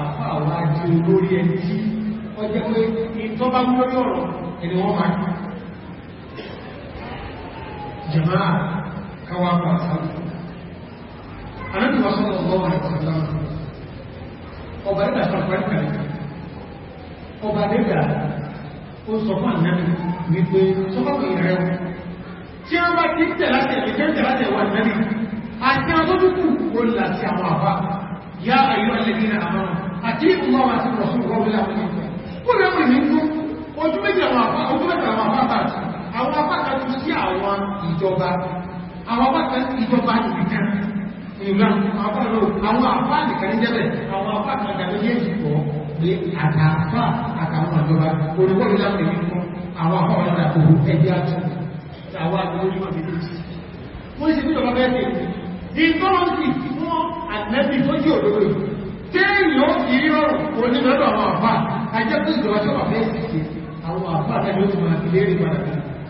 àfá àwọn ajé olórí ẹni tí wọ́n jẹ́ pé ìtọ́ bá wúlò ní ọ̀rọ̀ ẹni wọ́n máa jẹ̀má káwà pàtà anábìwá sọ́dọ̀ ọgbọ́n àìsànlá ọba ẹ̀dà sàpẹ́kẹ̀ ọba ẹ̀dà ó sọ fún ànábì wípé sọ́kọ̀kọ̀ ìrẹ́ tí a bá ti tẹ̀látẹ̀ ìtẹ́tẹ̀látẹ̀ wà náà àti àwọn tó dúkù ó láti àwọn àbá yá àyíwá lẹ́gbẹ̀rẹ̀ àwọn àti ìmúwà àti ìrọ̀sùnwọ́ orílẹ̀ àwọn ìgbà ó rẹ̀ wọ́n ìrìn fún ojú méjì àwọn àpá ojú mẹ́ta àwọn àpá àti àwọn apá kan ti sí àwọn ìjọba àwọn apá kan ìjọba nìkan ìran apá ló àwọn apá nìkan ní jẹ́bẹ̀ àwọn apá kan dàbí yé ìpọ̀ ní àtàfà àtàwọn ìjọba orúkọ ìlà ìrìn fún àwọn apá ọ̀dọ́ àtòwò ẹgbẹ́ àti àwọn àtòwò ní wọ́n ti ní ìjọba bẹ́ẹ̀ àṣírí ọ̀rùn onímọ̀lọ́dọ̀ àwọn àfà ajẹ́kù ìjọba tí ó wà fẹ́ síkè àwọn àfà àtàbí ó ti máa fi lérí padà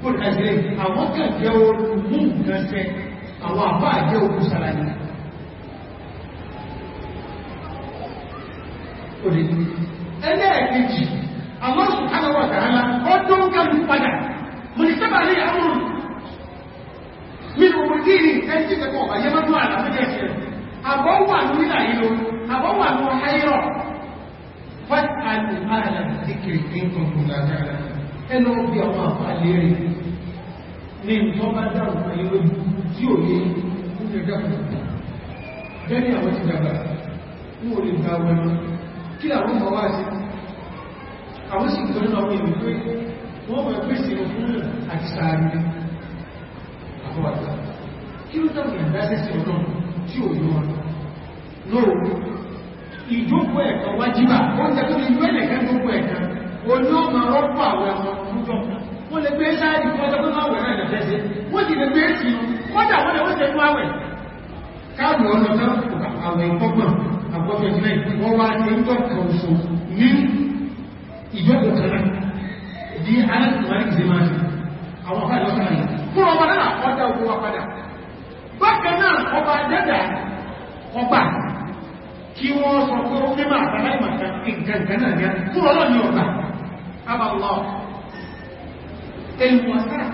kó ní àṣírí àwọn kẹ̀kẹ́ oòrùn mú nǹkan sẹ àwọn àfà àjẹ́ òkú sàlàyé ó lè ẹlẹ́ẹ̀kejì in kuntum la ta'lam ẹnu bí àwọn àfààní rẹ̀ ní nǹkan bá dáhùn ayé lójú tí ò yé kúrò dáhùn bẹ́ẹ̀ni àwọn ti dàgbà ní olè gba wọn kí àwọn ọmọ wá sí àwọn sì gbọ́nà àwọn èèyàn pé wọ́n mọ̀ pèsè fún àti sàárì àbọ̀wàtà kí ló dáhùn ìdásẹ́sì ọ̀nà tí ò yé wọn lóòrùn ìjókòó ẹ̀kan wájíbà wọ́n tẹ́kọ́ ìlú oní ọmọ rọ́pọ̀ àwọn ọmọ ọdún wọ́n lè gbé sáàdì fún ọjọ́ tó máa wẹ̀ náà jẹ́ wọ́n sì lè gbé sí kọ́dà wọ́n lè wọ́n tẹ́lú àwẹ̀ káàmù ọ̀nà náà àwẹ̀ ìkọ́gbọ̀n àgbọ́fẹ́ ìjìnlẹ̀ wọ́n wá ní ọjọ́ kan oṣù ní ìjọ́kọ̀ kan náà di alẹ́kùnrin ìzẹ́máàlì àwọn ọ̀pá ìlọ́kàn rẹ̀ fún ọmọ náà ọjà ogun wa padà bákan náà ọba dẹ́dà ọba kí wọ́n sọ pé ó fẹ́ máa tàbí ìmàkà ìgbàgbà náà ní ọlọ́ni ọba على الله المواساة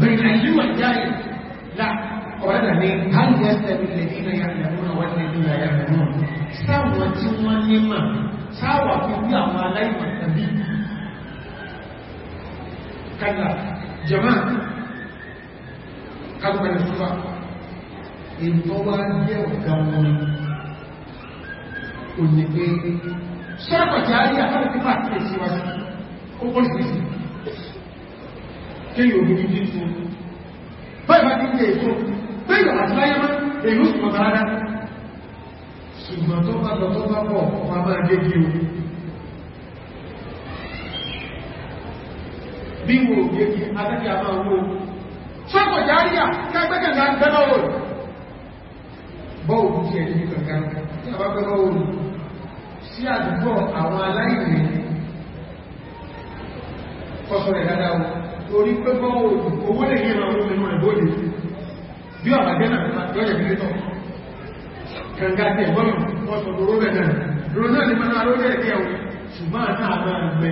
بين العلم والجاهل لا وأنا هل يستوي الذين يعلمون والذين لا يعلمون سوى سوى لما سوى في الله عليه النبي كلا جماعة قبل الصلاة إن طوال يوم كان ونبيه sọ́rọ̀pọ̀ tí a rí àkọ́lù pípà tí è síwá sí ó pọ̀ ìgbésí kí yóò itu? i tó báyìí bá ti ń tẹ̀ èso pé ìyọ̀ àti láyé mọ́ èyí ó sì mọ̀ dáadáa ṣùgbọ́n tó bá lọ tó bá pọ̀ wọ́n máa dé kí o bí wo òye kí atẹ́kẹ́ àmà sí àdúgbò àwọn aláìní kọ́sọ̀ rẹ̀ dáadáa o torí pé bọ́wọ́ owó lè ní ìrànwọ́ nínú ẹ̀bọ́lè bí ọ̀bàjẹ́ náà lọ́yẹ̀ bí lẹ́tọ̀ kàngàtì ẹ̀gbọ́n wọ́n sọ lóró rẹ̀ náà lóró náà lè máa náà lórí ẹ̀kẹ́ o ṣùgbọ́n àtàà máa gbẹ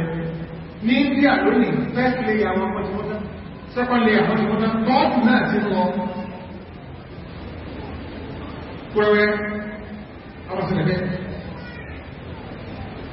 ní India lónìí first layer àwọn ọmọ ti wọ́n tán second layer àwọn ti wọ́n tán gọ́ọ̀tù náà ti lọ pẹ́rẹ́ àwọn sílẹ̀ bẹ́ẹ̀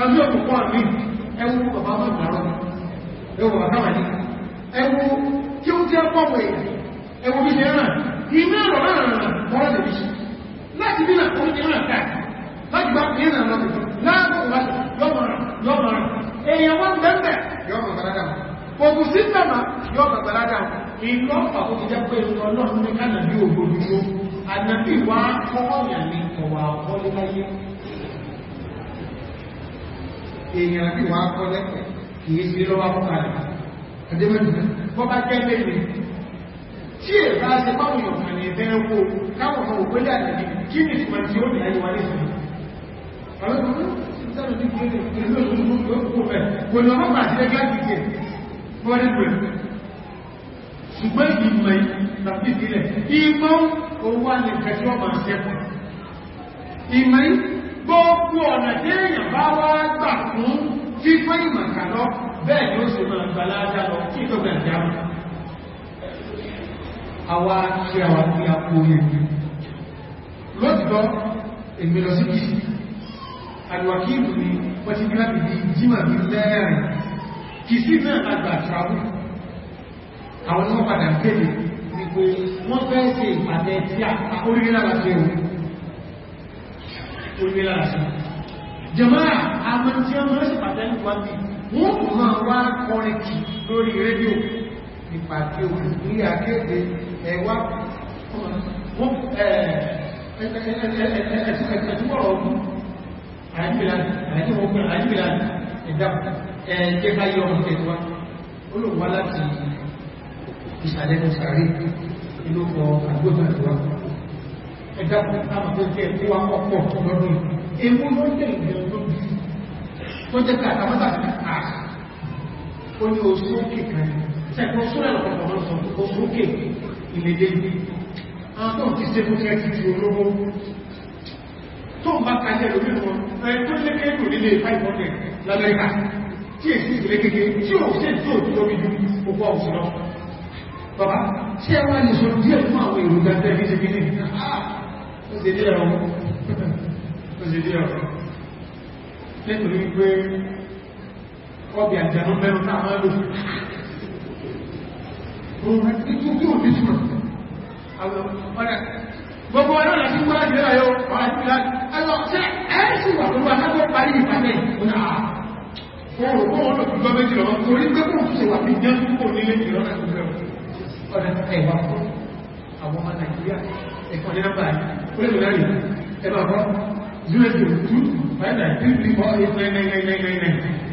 tàbí òkùnkùn àmì ẹwú bàbá mọ̀ ìgbàrọ̀ ẹwù àkàwà ní ẹwù kí ó jẹ́ pọ̀pọ̀ èyí ẹwù bí ṣe rán iná ọ̀rọ̀ rárá mọ́rọ̀ lè ṣe láti bí náà orí ìrìn àkà láti bá ní ìrìn àlọ́ láàrín lọ́mọ̀ràn èèyàn wọ́n bẹ́ẹ̀ yọ́mọ̀ gbàládà ògùn sí tẹ̀mà yọ́mọ̀ gbàládà ìlọ́ pàtó ti jẹ́ pé ọlọ́run ní kánàbí ògbòdúró ànàbí wá kọ́kọ́ yà ní ọ̀wà ọ̀kọ́lé láyé èèyàn bí wọ́n á kọ́ lẹ́kọ̀ọ́ kì í sí lọ́wọ́ fún àrẹ àdébẹ̀tì wọ́n bá jẹ́ méje tí èèyàn bá ṣe báwọn èèyàn kan ní ẹ̀fẹ́ wo káwọn ọmọ òpé dàdí kí ni ìtumọ̀ tí ó ní ayé wa ní ìsìn ọlọ́dún sọ́dọ̀ gbogbo ọ̀nà déèyàn bá wá gbà fún fífẹ́ ìmọ̀kà lọ bẹ́ẹ̀ ni ó sì máa gbà láàájá lọ kí tó gbà já àwa kí àwa kí a kó yẹ lọ́tọ̀ èmi lọ sí kí àlùwàkíìlú ni wọ́n ti gbá bìí jímà bí lẹ́ẹ̀rìn kì sí náà àgbà àtàwù àwọn ní wọ́n padà kéde wípé wọ́n fẹ́ ṣe ìpàdé tí a orílẹ̀-èdè orí lára sí jẹmọ́ra àwọn tí wọ́n mọ́ sí pàtàkì wá bí wọ́n kò máa wá kọrin kì lórí rédíò nípa tí ó ní akéde ẹwà ẹ̀ẹ́dẹ́gbẹ̀rẹ̀ ọdún àìjíbìlá ẹ̀dá ẹ̀ẹ́jẹ́ bá ẹ̀dá fún àwọn tó jẹ́ tí wọ́n pọ̀ lọ́dún ewu ló jẹ́ ìgbẹ̀rún lóbi tó jẹ́ ká àtàmọ́tà ní àà ó ní oṣù òkè kan sẹ́kọ̀ọ́ sórẹ̀ lọ́pọ̀lọpọ̀ lọ sọ oṣù òkè ìlédè àwọn tó ti ṣe fún ṣe ti olówó tó ń bá kájẹ́ lórí wọn ẹ̀ tó lé kéèkù nílé 500 lamẹ́ríkà tí èsì ìdílé kéèkéé tí ò ṣe tó ti lóbi ju òpó bàbá tí ẹ wá lè sọ díẹ̀ fún àwọn èròjà tẹ́lifíṣẹ́ ó sì dé ọ̀rọ̀ ó sì dé ọ̀rọ̀ nítorí pé ọbẹ̀ àjẹ́nú mẹ́rún náà máa lò gbogbo ọ̀rọ̀ láti wọ́n láti rẹ̀ yóò ọ̀rọ̀ àti ìlànà ẹlọ ṣe ẹ́ẹ̀sì wà pẹ̀lú àtàkọ́ parí ìpàdé ìpàdé oòrùn kó wọ́n lò fún gbọ́ méjì lọ́wọ́ torí pé kò ṣe wà ní jẹ́ kò nílé ìrọ́nà ìgbẹ̀rún ọ̀rẹ́ ẹ̀wà fún àwọn ọmọ Nàìjíríà ẹ̀kọ́ ní nọ́mbà olóògbèrè ẹ̀bà kan 0825934899999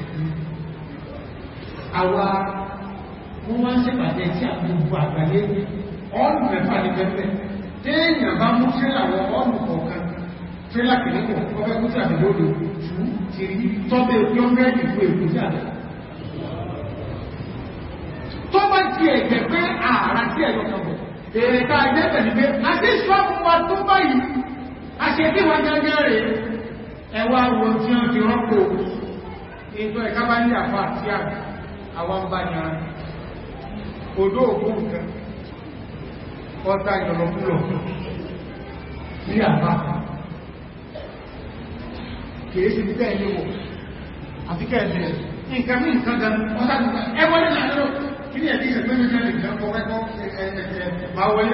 àwa wọ́n wá ń ṣèpàdé tí a gbogbo àgbáyé ọ́nù mẹ́fà ní pẹ́pẹ́ téèyàn bá mú tírélà wọn ọ́nù kọ̀ọ̀kan tírélà kìnnìkan ọbẹ̀ kúta àdìlódò tù ti rí tọ́bẹ̀ yọ́ngẹ́ ìlú èkó sí àdìlódò tó bá ti ẹ̀jẹ̀ pé ààrà tí ẹ̀yọ́ kan bọ̀ èrè tá a jẹ́ tẹ̀lé pé a ti ṣọ́ọ̀bù wa tó báyìí a ṣe kí wọ́n gẹ́gẹ́ rè é ẹwà wo tí wọ́n ti rọ́pò ètò ẹ̀ka bá ní àfa àti àwọn bá ní ara odó òkú nǹkan ọ̀tá ìrọ̀lọ́kúlọ̀ ní àbá kìí sí títẹ́ ilé wò àti kẹ́ẹ̀bẹ̀rẹ̀ nǹkan mí nǹkan gan ọ̀tá ẹwọ́n ní àárọ̀ kí ní ẹ̀dí ìṣẹ̀gbẹ́ mi jẹ́ nǹkan kọ́kẹ́kọ́ máa wọlé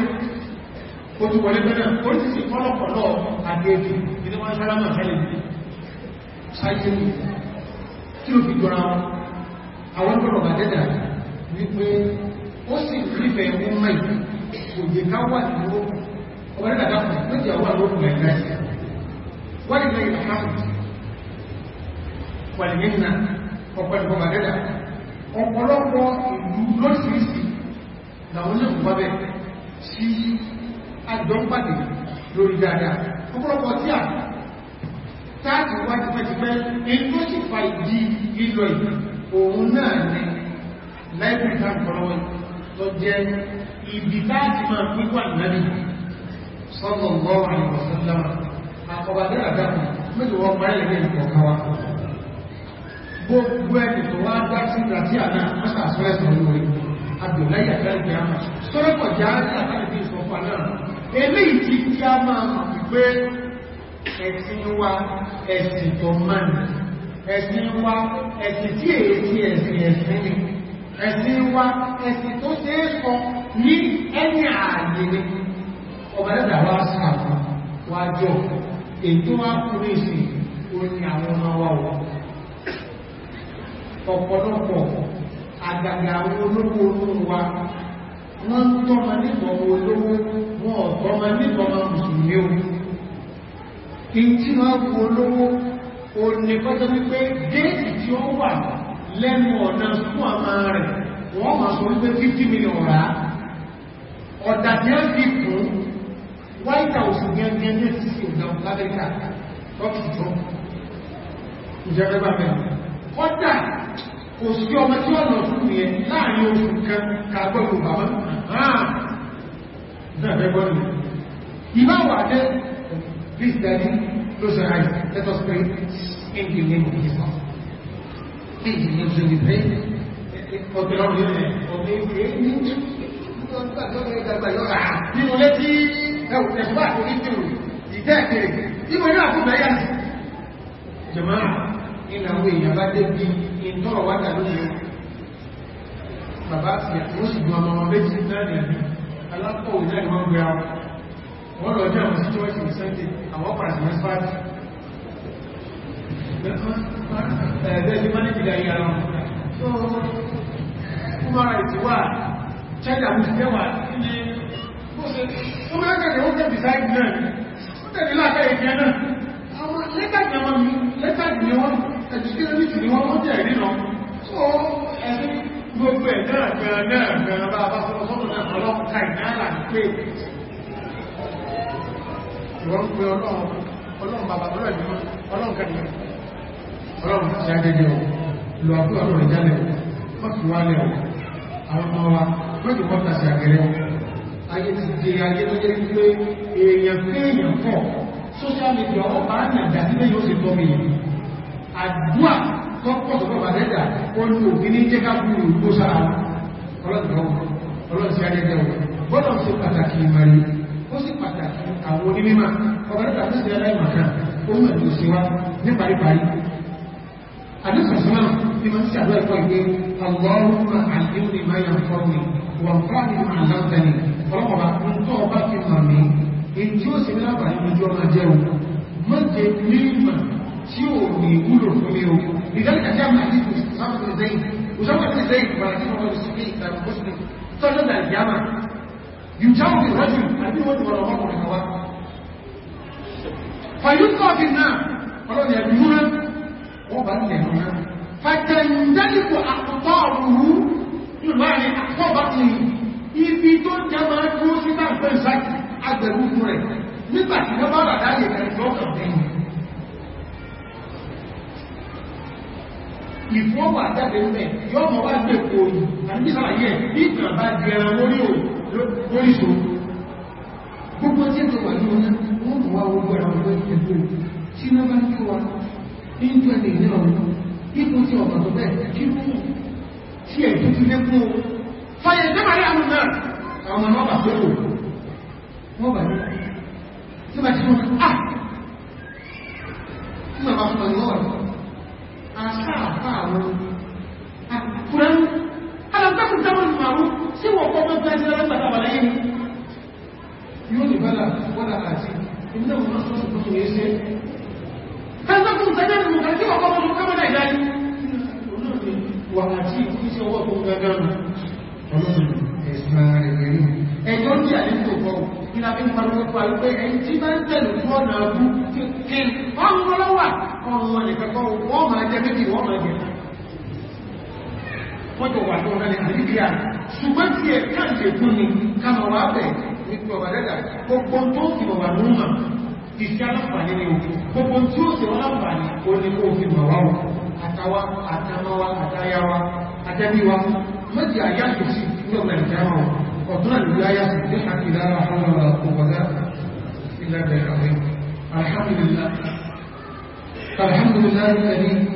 ojú wọlé mẹ́rin oríṣìí pọ́lọ̀pọ̀lọ̀ àgbègbè inú wọn sáramà fẹ́lẹ̀ sáyé mú kí o fi gbọ́ra wọn àwọn gbọ́rọ̀ bà dẹ́dà wípé ó sì rífẹ̀ ẹ̀mú mẹ́ òye ká wà ní ó ọwọ́rẹ́ dàdápọ̀ méjì àwọn àlóòrùn nàìjíríà wọ́n ni lẹ́yìn àkáàkù wà ní nínú ọ̀pọ̀lọpọ̀ bà dẹ́dà ìlú lóṣìṣ làwọn olè wà bẹ́ sí àjọ́pàdé lórí dáadáa ọ̀pọ̀lọpọ̀ tí a táàtì wá tipẹ́tipẹ́ èyí tó sì fa ìdí lílọ ìlú òun náà ní láìpẹ́ ìtàkọ̀lọ́wọ́ tó jẹ́ ibi láti máa pípà náà sọ́gbọ̀ngbọ́ àwọn ọ̀sánlá àkọ̀bàdé àdáàmù mẹ́jọ wọ́n máa ilẹ̀ ìkọ̀kọ́wà gbogbo ẹni tó wá dá sí ìgbà tí àná mọ́sàásọ́lẹ̀sọ̀ lórí àdòláyà láti àmà sọ́rọ̀kọ̀ já ní a máa mọ̀ wípé ẹ̀sìn wa ẹ̀sìn tó máa ẹ̀sìn wa ẹ̀sìn tí èyí tí ẹ̀sìn ẹ̀sìn ni ẹ̀sìn wa ẹ̀sìn tó ṣe é sọ ní ẹni ààyè ni ọmọdéjà wá sàmà wájọ ètò wá kúrò ìsìn ó àwọn ọmọ wa ọ̀pọ̀lọpọ̀ àgàgà àwọn olówó olówó wa wọ́n ń tọ́mọ níbọ̀mọ olówó wọn ò tọ́mọ níbọ̀mọ mùsùlùmí o ìtí wọ́n kú olówó o ní kọ́tọ́ wípé déètì tí ó wà lẹ́nu ọ̀nà fún àmà rẹ̀ wọ́n máa sọ wípé 50 million rà ọ̀dà tí ó fi kún white house gẹ́gẹ́ ní sísì ìdáwọn lábẹ́ríkà ọ́kìtọ́ ìjẹ́gbẹ́gbẹ́ kọ́dà oṣù bí ọmọ tí ó lọ fún mi ẹ láàrin oṣù kan kàgbọ́gbò bàbá ààbẹ̀gbọ́nù ìbáwà close your eyes. let us pray in the name of Jesus in the name of the pray ọ̀pẹ̀lọ́rùn ilẹ̀ ọ̀pẹ̀ ìwé ní nínú létí ẹ̀sùn bá àkórí tí ó ìjẹ́ ìkẹrẹ ìwé náà fún mẹ́yà jẹ̀mọ́ ìlàwó èèyàn bá dé bí ìtọ́rọ̀ wádà lónìí bàbá àti àwọn ṣùgbọ́n ọmọ ọmọ méjì náà ní alápọ̀ òjá ìwọ̀n gbé ara wọ́n lọ ní àwọn sítíwọ́sì ìsẹ́ntì àwọn pàṣẹ mẹ́sàájì ẹ̀ẹ́dẹ́ ti máa ní ìgbìyà ìyà rán tó kúmọ̀rà ìtìwà china mùsùlẹ́wà ní ó mẹ́rẹ́kẹ̀ẹ́ ó tẹ́ bìsáìdì náà ó tẹ́ ẹ̀dùkẹ́rẹ́lìtì ni wọ́n jẹ́ ìrìnà tó ẹni gbogbo ẹ̀ náà gbẹ̀rẹ̀ náà gbẹ̀rẹ̀ bá bá fún ọlọ́run náà ọlọ́pàá ìnáàlà ń pè wọ́n pẹ ọlọ́run ọlọ́run bàbá ọlọ́run ìdímọ́ ọlọ́run kẹ́lẹ̀ ọlọ́run ti ajẹ́jẹ́ ọ lọ àpò àwọn ìjálẹ̀ wọ́n fi wá lẹ̀ àwọn ọmọ wa mẹ́jọ kọ́ta sí àgẹ́rẹ́ ayé ti di ayé tó jẹ́ media ọba àyàndà nílé yóò sì àdúà tọ́pọ̀ tó bàbá lẹ́dà ó ní òbí ní jẹ́ káàkiri olùgbò sára Àdúsàsánà ni máa ń sí àdúrà ìkọ́ ìgbé Allahumma àdíúnì máa yàn fọ́nì, wọ̀n fọ́nì máa lántẹni, ọlọ́pàá ń tọ́ ọba fi mọ̀ mí, èyí tí ó sì ní lábàá ìmójú ọmọ jẹun, mọ́ jẹ ní ìmọ̀ tí ò ní wúlò fún mi o ìdáríkà jẹ́ àmì àti ìsáfún ìzẹ́yìn òṣèwọ̀n tí ìzẹ́yìn bàrà tí wọ́n sì fi ìtàkù mọ́sílẹ̀ tọ́jọ́ dà ìyámà yùjáwò ìrọ́jù àbí wọ́n ti wọ́n ọmọkùnrin wa fàyúkọ̀ bí náà ọlọ́dẹ̀ ìrúnà wọ́n bá ń lẹ̀rún náà fàtẹ̀ǹdẹ́lìkò àkọ́kọ́ òru láàrin àkọ́bàtì ibi tó jẹ́ máa dúró sí bá ń pẹ́ ìsáàkì agbẹ̀rún rẹ̀ nígbàtí wọ́n bá bàdá lè rẹ̀ lọ́kàn lẹ́yìn ìfún wà jáde mẹ́ yọ́ mọ̀ wá gbé kò òyì àti sàlàyé ìtàn bá di lórí oríṣò gbogbo tí ètò wà ní ọjọ́ wọ́n mọ̀ wá gbogbo ẹran lórí ẹgbẹ́ tí wọ́n bá kí wa ní tó ní ọ̀rọ̀ ipò tí ọ̀bà tó bẹ́ẹ̀ kí mú tí ẹ̀ tó ti lékún o fàyẹ̀ lẹ́màrí àwọn náà àwọn ọmọ bà sókò wọ́n bà ní tí wọ́n ti mọ̀ ah àṣàfà àwọn kùránù alákàtù táwọn ìmọ̀rún sí wọ́n kọ́ mọ́ gbájú lọ́pàá wà láyé yóò ní bọ́lá wọ́lá àti ilé òun lọ́sọ́ sí gbogbo ẹsẹ́ ẹgbẹ́kùn sẹ́jẹ́ nínú kan tí wọ́n kọ́ mọ́ kámọ́nà ìdájú wà àti ìkúsẹ́ ọwọ́ tó gbẹ́gbẹ́rún ọlọ́run ẹ̀sùn ara rẹ̀ rí ẹjọ́ ní àlejò kọ́ ìlàbí pariwo pariwo pé ẹni tí bá ń ọrùn wọn nìkan kọ́ wọ́n máa jẹ méjì wọ́n máa jẹ wọ́n jọ wà lọ́wọ́ rẹ̀ àríkíà ṣùgbọ́n tí ẹ káàkiri fún mi ká mọ̀ wá bẹ̀ ní ti ọ̀bà dẹ́dà gbogbo tó ti mọ̀ wà lóhùn ìṣẹ́ aláǹfààní ni o gbogbo tí ó sì wọ́n láǹfààní ó ní kó fi mọ̀ wá o àtàwa àtàmọ́wa àtàyàwa àtẹ́bíwa méjì àyà àwọn ọ̀gbọ̀dá ilẹ̀ bẹ̀rẹ̀ alhamdulillah فالحمد لله الذي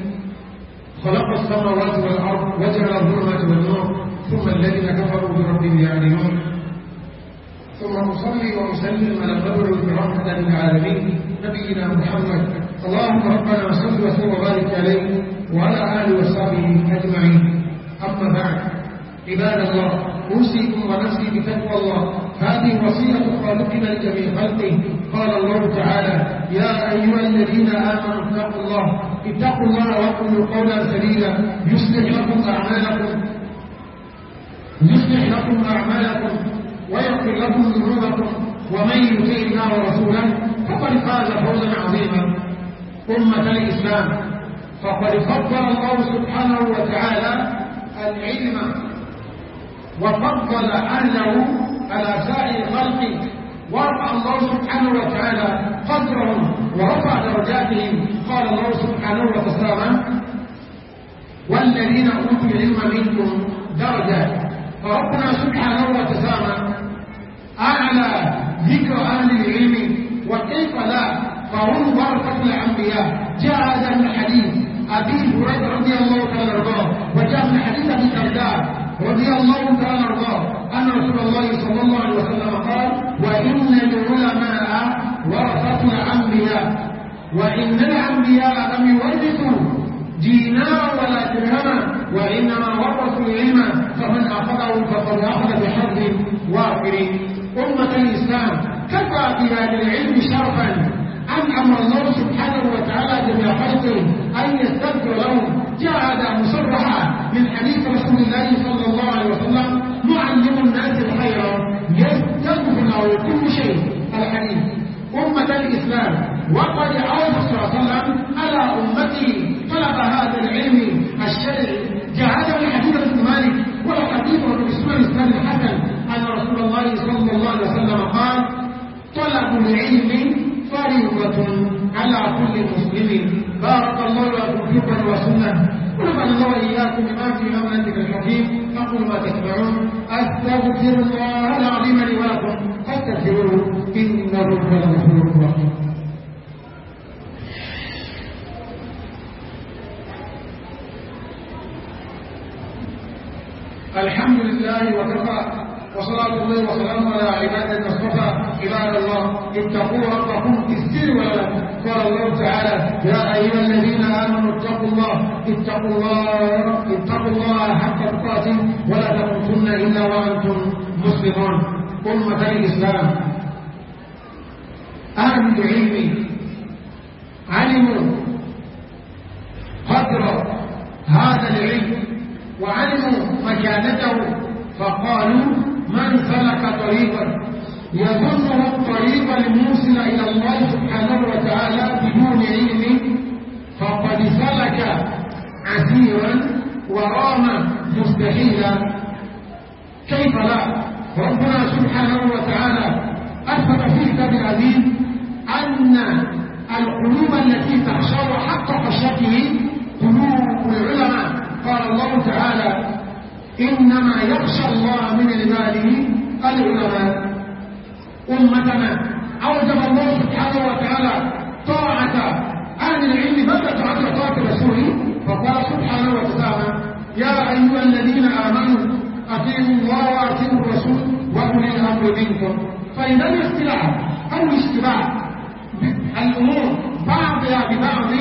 خلق السماوات والأرض وجعل الظلمات والنور ثم الذين كفروا بربهم يعلمون ثم أصلي وأسلم على قبر برحمة العالمين نبينا محمد اللهم ربنا صل وسلم وبارك عليه وعلى آله وصحبه أجمعين أما بعد عباد الله أوصيكم ونفسي بتقوى الله هذه وصية خالقنا لجميع خلقه قال الله تعالى يا أيها الذين آمنوا اتقوا الله اتقوا الله وقولوا قولا سديدا يصلح لكم أعمالكم يصلح لكم أعمالكم ويغفر لكم ذنوبكم ومن يطع الله ورسوله فقد فاز فوزا عظيما أمة الإسلام فقد فضل الله سبحانه وتعالى العلم وفضل أهله على سائر خلقه ورفع الله سبحانه وتعالى قدرهم ورفع درجاتهم قال الله سبحانه وتعالى والذين أوتوا العلم منكم درجات فربنا سبحانه وتعالى أعلى ذكر أهل العلم وكيف لا فهم ورثة الأنبياء جاء هذا الحديث أبي هريرة رضي الله تعالى عنه وجاء من حديث أبي الدرداء رضي الله تعالى عنه أن رسول الله صلى الله عليه وسلم قال وإن العلماء ورثة الأنبياء وإن الأنبياء لم يورثوا دينارا ولا درهما وإنما ورثوا العلم فمن أخذه فقد أخذ بحظ وافر أمة الإسلام كفى بهذا العلم شرفا أن أمر الله سبحانه وتعالى بما خلقه أن يستغفر لهم جاء مصرحا من حديث رسول الله صلى الله عليه وسلم نعلم الناس الخير يستغفر كل شيء الحديث أمة الإسلام وقد عرف صلى الله عليه وسلم على أمتي طلب هذا العلم الشرعي جعله الحديث بن مالك والحديث بن الحسن أن رسول الله صلى الله عليه وسلم قال طلب العلم فريضة على كل مسلم بارك الله لكم فيكم وسنة ونفع الله واياكم بما في أمانتك الحكيم أقول ما تسمعون أستغفر الله العظيم لي ولكم فاستغفروه إنه هو الغفور الرحيم الحمد لله وكفى وصلاة الله وسلامه على عباد المصطفى عباد الله اتقوا ربكم في السر ولا يا أيها الذين آمنوا اتقوا الله اتقوا الله اتقوا الله حق تقاته ولا تموتن إلا وأنتم مسلمون أمة الإسلام أهل العلم علموا قدر هذا العلم وعلموا مكانته فقالوا من سلك طريقا يظنه الطريق الموصل إلى الله سبحانه وتعالى بدون علم فقد سلك عسيرا ورام مستحيلا كيف لا ربنا سبحانه وتعالى أثبت في كتاب العزيز أن القلوب التي تخشى حق خشيته قلوب العلماء قال الله تعالى إنما يخشى الله من عباده العلماء أمتنا أوجب الله سبحانه وتعالى طاعة أهل العلم بدأ طاعة طاعة رسوله فقال سبحانه وتعالى يا أيها الذين آمنوا أطيعوا الله وأطيعوا الرسول وأولي الأمر منكم فإذا الاختلاف أو اجتماع الأمور بعضها ببعض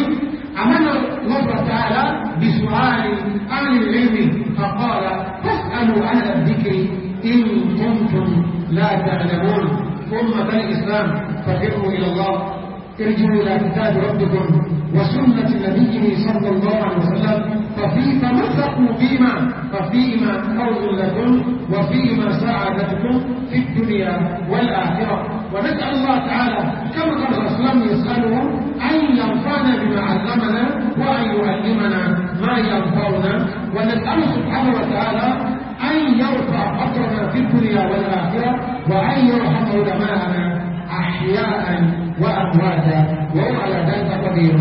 أمن الله تعالى بسؤال أهل العلم فقال فاسألوا أهل الذكر إن كنتم لا تعلمون أمة الإسلام ففروا إلى الله ارجعوا إلى كتاب ربكم وسنة نبيه صلى الله عليه وسلم ففي تمسكوا فيما ففيما فوز لكم وفيما سعادتكم في الدنيا والآخرة ونسأل الله تعالى كما قال الإسلام يسأله أن ينفعنا بما علمنا وأن يعلمنا ما ينفعنا ونسأله سبحانه وتعالى يرفع قدرنا في الدنيا والآخرة وأن يرحم علماءنا أحياء وأمواتا وهو على ذلك قدير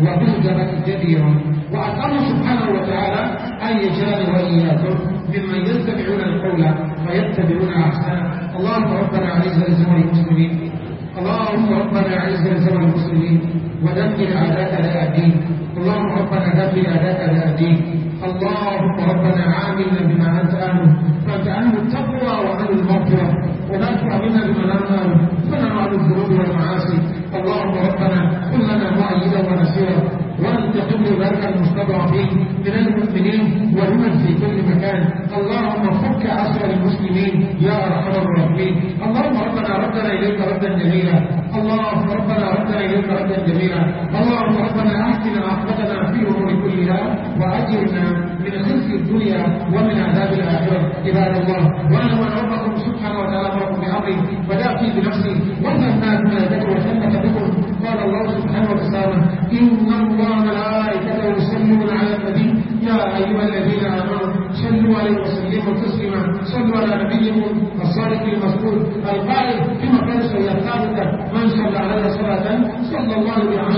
وبالجبل جدير وأسأل سبحانه وتعالى أن يجعل وإياكم ممن يستمعون القول فيتبعون أحسنه اللهم ربنا أعز لسوء المسلمين اللهم ربنا أعز لسوء المسلمين ودمر أعداء لا الدين اللهم ربنا دمر أعداء لا الدين الله ربنا عاملنا بما أنت أهل فأنت أهل التقوى وأهل المغفرة ولا تعملنا بما نعمل فنمع الذنوب والمعاصي اللهم ربنا كن لنا مؤيدا ونصيرا وأن تقل ذلك المستضعفين من المؤمنين ومن في كل مكان اللهم فك أسر المسلمين يا أرحم الراحمين اللهم ربنا ردنا إليك ردا جميلا اللهم ربنا ردنا إليك ردا جميلا اللهم ومن عذاب الآخرة عباد الله وأنا من ربكم سبحانه وتعالى أمركم بأمره بدأ بنفسي وما وثنى بما ذكر وثبت بكم قال الله سبحانه وتعالى إن الله ملائكته يسلمون على النبي يا أيها الذين آمنوا صلوا عليه وسلموا تسليما صلوا على نبيكم الصادق المسؤول القائل كما قال سيدنا ثابتة من صلى على صلاة صلى الله عليه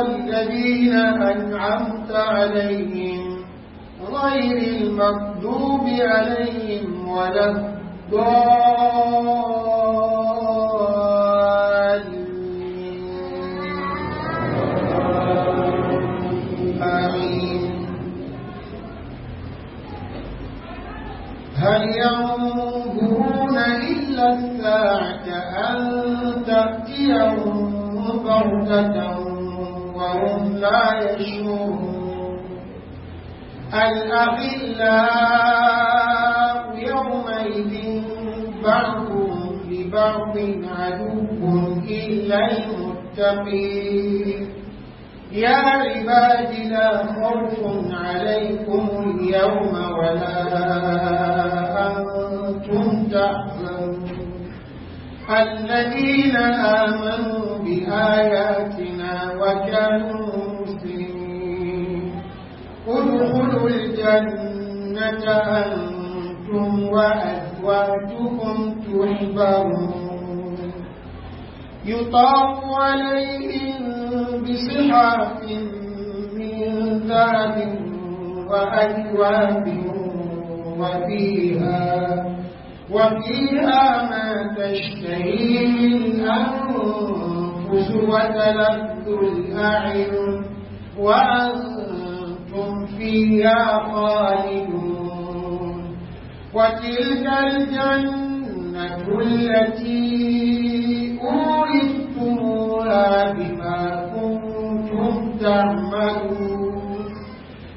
الذين أنعمت عليهم غير المغضوب عليهم ولا الضالين آمين هل ينظرون إلا الساعة أن تأتيهم بغتة وهم لا يشعرون الأخلاء يومئذ بعضهم لبعض عدو إلا المتقين يا عباد لا خوف عليكم اليوم ولا أنتم تحزنون الذين آمنوا بآياتنا وكانوا مسلمين ادخلوا الجنة أنتم وأزواجكم تحبرون يطاف عليهم بصحاف من ذهب وأكواب وفيها وفيها ما تشتهيه الأنفس الأبصر وتلذ الأعين وأنتم فيها خالدون وتلك الجنة التي أورثتموها بما كنتم تعملون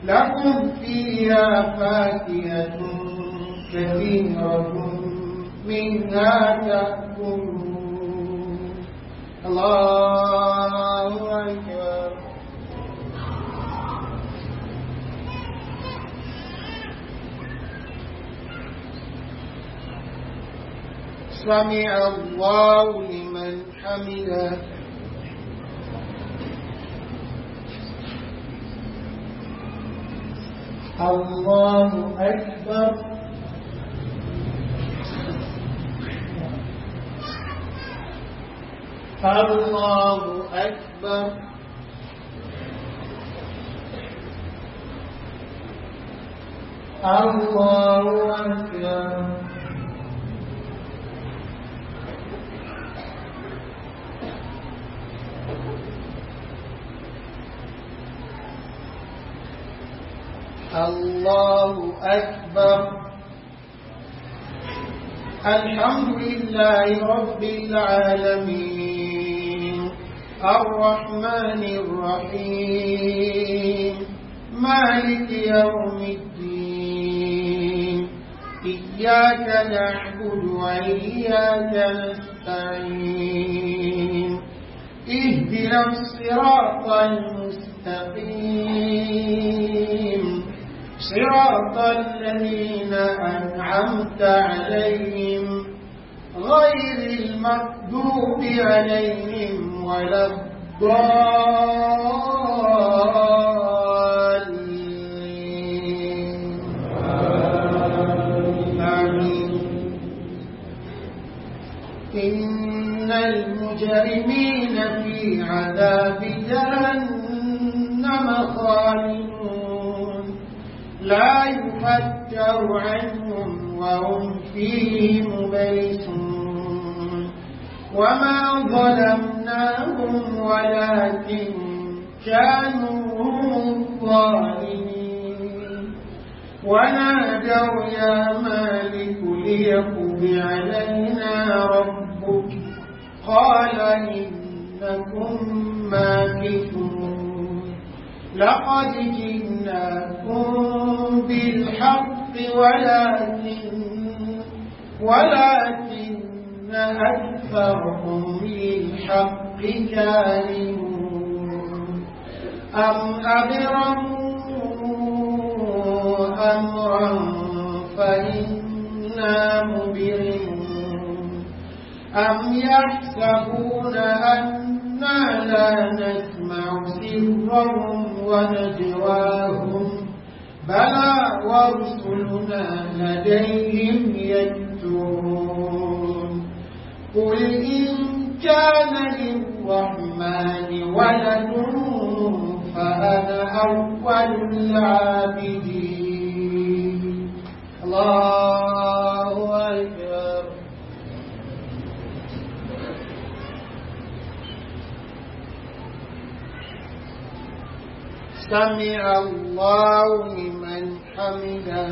لكم فيها فاكهة كثيرة منها تأكلون الله أكبر سمع الله لمن حمده الله أكبر الله أكبر الله أكبر الله أكبر الحمد لله رب العالمين الرحمن الرحيم مالك يوم الدين إياك نعبد وإياك نستعين اهدنا الصراط المستقيم صراط الذين أنعمت عليهم غير المكذوب عليهم ولا الضالين آمين إن المجرمين في عذاب جهنم خالدون لا يفتر عنهم وهم فيه مبين وما ظلمناهم ولكن كانوا هم الظالمين ونادوا يا مالك ليقب علينا ربك قال إنكم ماكثون لقد جئناكم بالحق ولكن ولكن أكثر أكثرهم للحق كارهون أم أبرموا أمرا فإنا مبرمون أم يحسبون أنا لا نسمع سرهم ونجواهم بلى ورسلنا لديهم يكتبون قل إن كان للرحمن ولد فأنا أول العابدين الله أكبر سمع الله لمن حمده